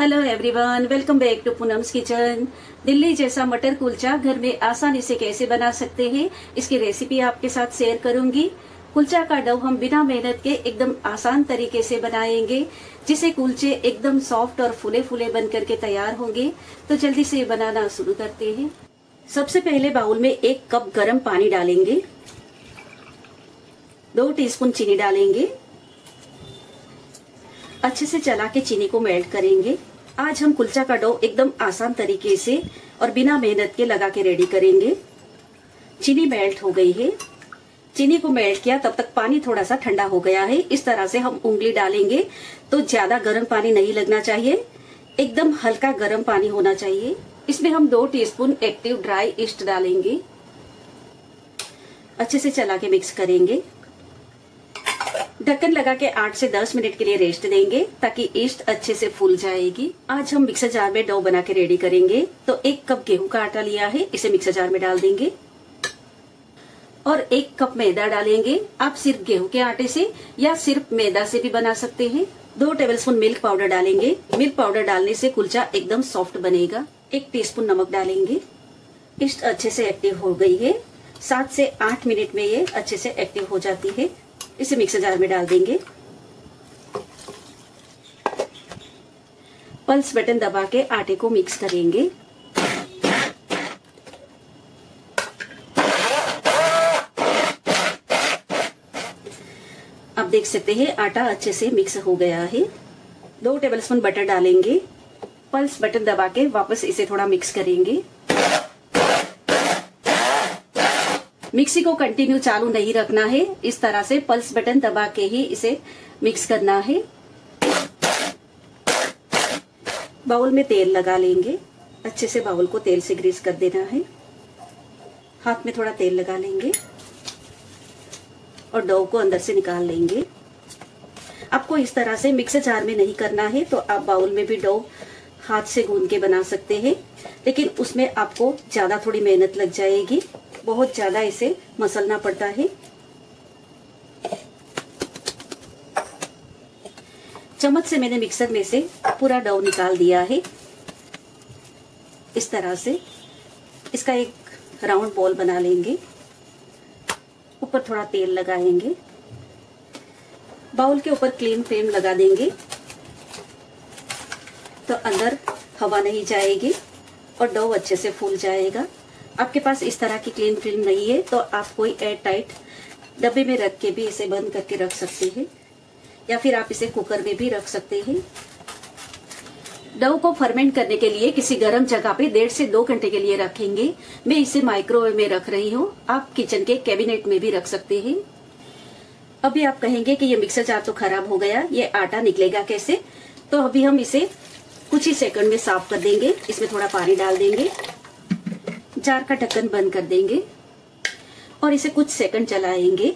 hello everyone welcome back to Poonam's kitchen Delhi जैसा मटर कुलचा घर में आसानी से कैसे बना सकते हैं इसकी रेसिपी आपके साथ शेयर करूंगी कुलचा का डव हम बिना मेहनत के एकदम आसान तरीके से बनाएंगे जिसे कुलचे एकदम सॉफ्ट और फूले फूले बन करके तैयार होंगे तो जल्दी से बनाना शुरू करते हैं सबसे पहले बाउल में एक कप गर्म पानी डालेंगे दो टीस्पून चीनी डालेंगे अच्छे से चला के चीनी को मेल्ट करेंगे आज हम कुलचा का डो एकदम आसान तरीके से और बिना मेहनत के लगा के रेडी करेंगे चीनी मेल्ट हो गई है चीनी को मेल्ट किया तब तक पानी थोड़ा सा ठंडा हो गया है इस तरह से हम उंगली डालेंगे तो ज्यादा गर्म पानी नहीं लगना चाहिए एकदम हल्का गर्म पानी होना चाहिए इसमें हम दो टीस्पून एक्टिव ड्राई ईस्ट डालेंगे अच्छे से चला के मिक्स करेंगे ढक्कन लगा के 8 से 10 मिनट के लिए रेस्ट देंगे ताकि ईस्ट अच्छे से फूल जाएगी आज हम मिक्सर जार में डो बना के रेडी करेंगे तो एक कप गेहूं का आटा लिया है इसे मिक्सर जार में डाल देंगे और एक कप मैदा डालेंगे आप सिर्फ गेहूं के आटे से या सिर्फ मैदा से भी बना सकते हैं दो टेबलस्पून मिल्क पाउडर डालेंगे मिल्क पाउडर डालने से कुलचा एकदम सॉफ्ट बनेगा एक टीस्पून नमक डालेंगे ईस्ट अच्छे से एक्टिव हो गई है सात से आठ मिनट में ये अच्छे से एक्टिव हो जाती है इसे मिक्सर जार में डाल देंगे पल्स बटन दबा के आटे को मिक्स करेंगे आप देख सकते हैं आटा अच्छे से मिक्स हो गया है दो टेबलस्पून बटर डालेंगे पल्स बटन दबा के वापस इसे थोड़ा मिक्स करेंगे मिक्सी को कंटिन्यू चालू नहीं रखना है इस तरह से पल्स बटन दबा के ही इसे मिक्स करना है बाउल में तेल लगा लेंगे अच्छे से बाउल को तेल से ग्रीस कर देना है हाथ में थोड़ा तेल लगा लेंगे और डोव को अंदर से निकाल लेंगे आपको इस तरह से मिक्सर जार में नहीं करना है तो आप बाउल में भी डोव हाथ से गूंद के बना सकते हैं लेकिन उसमें आपको ज़्यादा थोड़ी मेहनत लग जाएगी बहुत ज़्यादा इसे मसलना पड़ता है चम्मच से मैंने मिक्सर में से पूरा डव निकाल दिया है इस तरह से इसका एक राउंड बॉल बना लेंगे ऊपर थोड़ा तेल लगाएंगे बाउल के ऊपर क्लीन फ्रेम लगा देंगे तो अंदर हवा नहीं जाएगी और डव अच्छे से फूल जाएगा आपके पास इस तरह की क्लीन फिल्म नहीं है तो आप कोई एयर टाइट डब्बे में रख के भी इसे बंद करके रख सकते हैं या फिर आप इसे कुकर में भी रख सकते हैं डव को फर्मेंट करने के लिए किसी गर्म जगह पे डेढ़ से दो घंटे के लिए रखेंगे मैं इसे माइक्रोवेव में रख रही हूँ आप किचन के कैबिनेट में भी रख सकते हैं अभी आप कहेंगे कि ये मिक्सर जार तो खराब हो गया ये आटा निकलेगा कैसे तो अभी हम इसे कुछ ही सेकंड में साफ कर देंगे इसमें थोड़ा पानी डाल देंगे अचार का ढक्कन बंद कर देंगे और इसे कुछ सेकंड चलाएंगे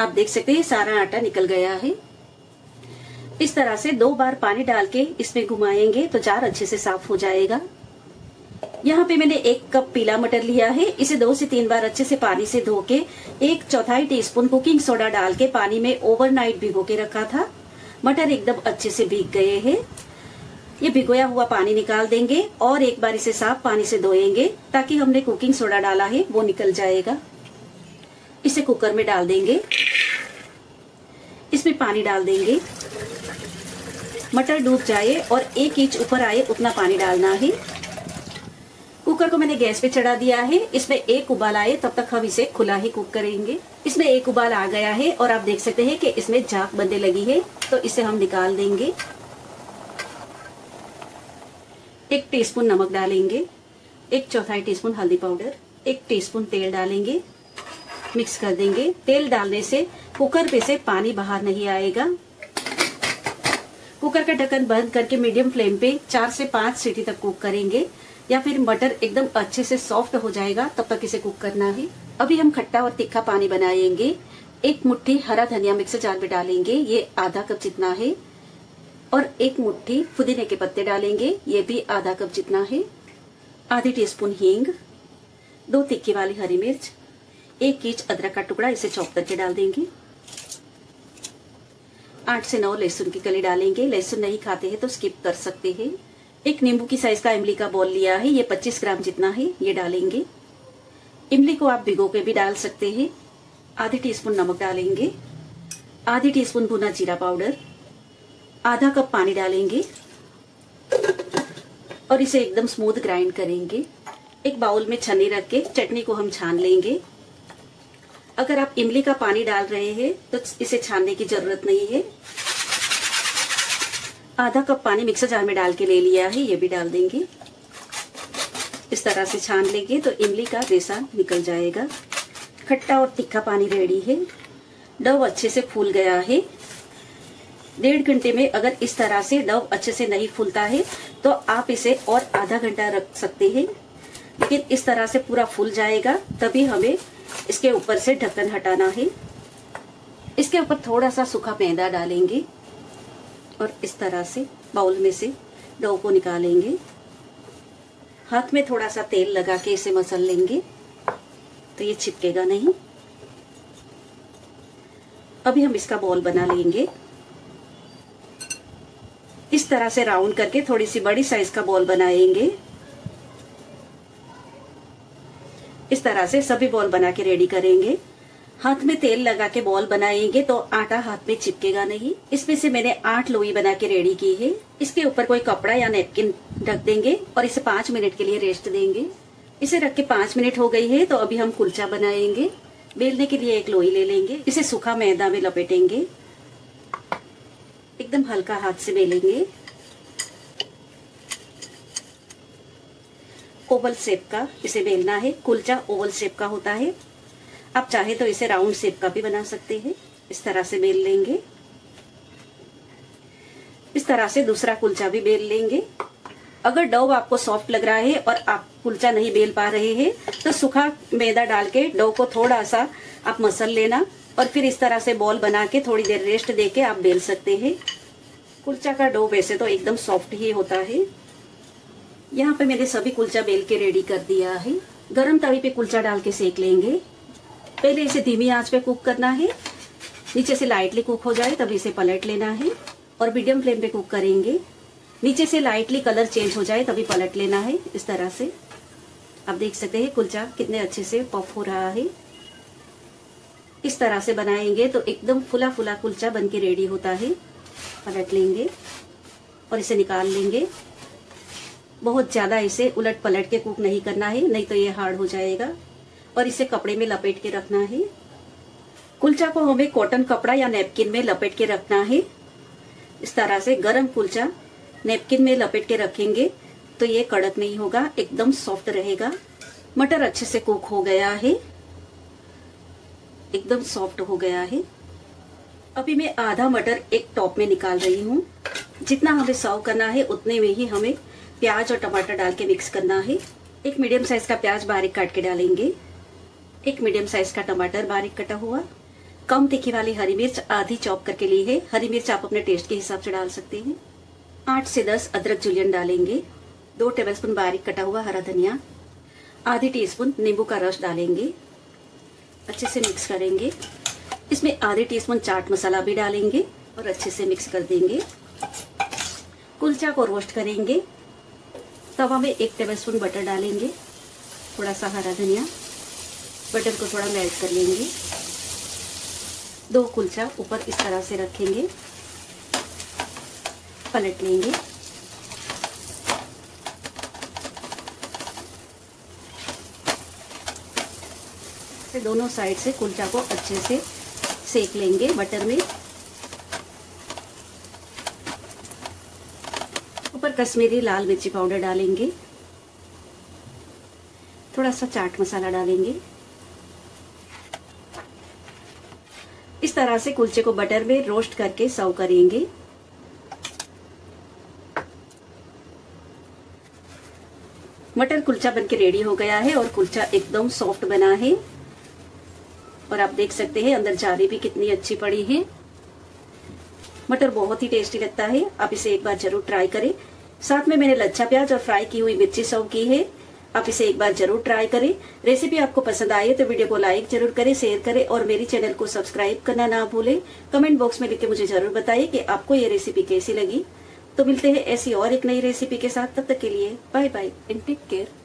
आप देख सकते हैं सारा आटा निकल गया है इस तरह से दो बार पानी डाल के इसमें घुमाएंगे तो चार अच्छे से साफ हो जाएगा यहाँ पे मैंने एक कप पीला मटर लिया है इसे दो से तीन बार अच्छे से पानी से धो के एक चौथाई टीस्पून कुकिंग सोडा डाल के पानी में ओवरनाइट भिगो के रखा था मटर एकदम अच्छे से भीग गए हैं ये भिगोया हुआ पानी निकाल देंगे और एक बार इसे साफ पानी से धोएंगे ताकि हमने कुकिंग सोडा डाला है वो निकल जाएगा इसे कुकर में डाल देंगे इसमें पानी डाल देंगे मटर डूब जाए और एक इंच ऊपर आए उतना पानी डालना है कुकर को मैंने गैस पे चढ़ा दिया है इसमें एक उबाल आए तब तक हम इसे खुला ही कुक करेंगे इसमें एक उबाल आ गया है और आप देख सकते हैं कि इसमें झाक बंदे लगी है तो इसे हम निकाल देंगे एक टीस्पून नमक डालेंगे एक चौथाई टीस्पून हल्दी पाउडर एक टीस्पून तेल डालेंगे मिक्स कर देंगे तेल डालने से कुकर पे से पानी बाहर नहीं आएगा कुकर का ढक्कन बंद करके मीडियम फ्लेम पे चार से पांच सीटी तक कुक करेंगे या फिर मटर एकदम अच्छे से सॉफ्ट हो जाएगा तब तक इसे कुक करना है अभी हम खट्टा और तीखा पानी बनाएंगे एक मुट्ठी हरा धनिया मिक्सर जार में डालेंगे ये आधा कप जितना है और एक मुट्ठी फुदीने के पत्ते डालेंगे ये भी आधा कप जितना है आधी टीस्पून हींग दो तिक्की वाली हरी मिर्च एक इंच अदरक का टुकड़ा इसे चौक करके डाल देंगे आठ से नौ लहसुन की कली डालेंगे लहसुन नहीं खाते हैं तो स्किप कर सकते हैं एक नींबू की साइज का इमली का बॉल लिया है ये 25 ग्राम जितना है ये डालेंगे इमली को आप भिगो के भी डाल सकते हैं आधे टीस्पून नमक डालेंगे आधी टीस्पून भुना जीरा पाउडर आधा कप पानी डालेंगे और इसे एकदम स्मूथ ग्राइंड करेंगे एक बाउल में छन्नी रख के चटनी को हम छान लेंगे अगर आप इमली का पानी डाल रहे हैं तो इसे छानने की जरूरत नहीं है आधा कप पानी मिक्सर जार में डाल के ले लिया है ये भी डाल देंगे इस तरह से छान लेंगे तो इमली का रेसा निकल जाएगा खट्टा और तिखा पानी रेडी है डव अच्छे से फूल गया है डेढ़ घंटे में अगर इस तरह से डव अच्छे से नहीं फूलता है तो आप इसे और आधा घंटा रख सकते हैं लेकिन इस तरह से पूरा फूल जाएगा तभी हमें इसके ऊपर से ढक्कन हटाना है इसके ऊपर थोड़ा सा सूखा मैदा डालेंगे और इस तरह से बाउल में से डव को निकालेंगे हाथ में थोड़ा सा तेल लगा के इसे मसल लेंगे तो ये छिपकेगा नहीं अभी हम इसका बॉल बना लेंगे इस तरह से राउंड करके थोड़ी सी बड़ी साइज का बॉल बनाएंगे इस तरह से सभी बॉल बना के रेडी करेंगे हाथ में तेल लगा के बॉल बनाएंगे तो आटा हाथ में चिपकेगा नहीं इसमें से मैंने आठ लोई बना के रेडी की है इसके ऊपर कोई कपड़ा या नेपकिन ढक देंगे और इसे पांच मिनट के लिए रेस्ट देंगे इसे रख के पांच मिनट हो गई है तो अभी हम कुलचा बनाएंगे बेलने के लिए एक लोई ले लेंगे इसे सूखा मैदा में लपेटेंगे एकदम हल्का हाथ से बेलेंगे ओवल शेप का इसे बेलना है कुलचा ओवल शेप का होता है आप चाहे तो इसे राउंड शेप का भी बना सकते हैं इस तरह से बेल लेंगे इस तरह से दूसरा कुलचा भी बेल लेंगे अगर डव आपको सॉफ्ट लग रहा है और आप कुलचा नहीं बेल पा रहे हैं तो सूखा मैदा डाल के डव को थोड़ा सा आप मसल लेना और फिर इस तरह से बॉल बना के थोड़ी देर रेस्ट दे के आप बेल सकते हैं कुलचा का डो वैसे तो एकदम सॉफ्ट ही होता है यहाँ पे मैंने सभी कुलचा बेल के रेडी कर दिया है गरम तवे पे कुलचा डाल के सेक लेंगे पहले इसे धीमी आंच पे कुक करना है नीचे से लाइटली कुक हो जाए तभी इसे पलट लेना है और मीडियम फ्लेम पे कुक करेंगे नीचे से लाइटली कलर चेंज हो जाए तभी पलट लेना है इस तरह से आप देख सकते हैं कुलचा कितने अच्छे से पफ हो रहा है इस तरह से बनाएंगे तो एकदम फुला फुला कुलचा बन के रेडी होता है पलट लेंगे और इसे निकाल लेंगे बहुत ज़्यादा इसे उलट पलट के कुक नहीं करना है नहीं तो ये हार्ड हो जाएगा और इसे कपड़े में लपेट के रखना है कुलचा को हमें कॉटन कपड़ा या नेपकिन में लपेट के रखना है इस तरह से गर्म कुलचा नेपकिन में लपेट के रखेंगे तो ये कड़क नहीं होगा एकदम सॉफ्ट रहेगा मटर अच्छे से कुक हो गया है एकदम सॉफ्ट हो गया है अभी मैं आधा मटर एक टॉप में निकाल रही हूँ जितना हमें सर्व करना है उतने में ही हमें प्याज और टमाटर डाल के मिक्स करना है एक मीडियम साइज का प्याज बारीक काट के डालेंगे एक मीडियम साइज का टमाटर बारीक कटा हुआ कम तीखी वाली हरी मिर्च आधी चॉप करके ली है हरी मिर्च आप अपने टेस्ट के हिसाब से डाल सकते हैं आठ से दस अदरक जुलियन डालेंगे दो टेबलस्पून बारीक कटा हुआ हरा धनिया आधी टीस्पून नींबू का रस डालेंगे अच्छे से मिक्स करेंगे इसमें आधी टीस्पून चाट मसाला भी डालेंगे और अच्छे से मिक्स कर देंगे कुलचा को रोस्ट करेंगे तवा में एक टेबलस्पून बटर डालेंगे थोड़ा सा हरा धनिया बटर को थोड़ा मेल्ट कर लेंगे दो कुलचा ऊपर इस तरह से रखेंगे पलट लेंगे दोनों साइड से कुलचा को अच्छे से सेक लेंगे बटर में ऊपर कश्मीरी लाल मिर्ची पाउडर डालेंगे थोड़ा सा चाट मसाला डालेंगे इस तरह से कुलचे को बटर में रोस्ट करके सर्व करेंगे मटर कुलचा बनके रेडी हो गया है और कुलचा एकदम सॉफ्ट बना है और आप देख सकते हैं अंदर जाली भी कितनी अच्छी पड़ी है मटर बहुत ही टेस्टी लगता है आप इसे एक बार जरूर ट्राई करें साथ में मैंने लच्छा प्याज और फ्राई की हुई मिर्ची सर्व की है आप इसे एक बार जरूर ट्राई करें रेसिपी आपको पसंद आए तो वीडियो को लाइक जरूर करें शेयर करें और मेरे चैनल को सब्सक्राइब करना ना भूलें कमेंट बॉक्स में लिख के मुझे जरूर बताइए कि आपको ये रेसिपी कैसी लगी तो मिलते हैं ऐसी और एक नई रेसिपी के साथ तब तक के लिए bye bye and take care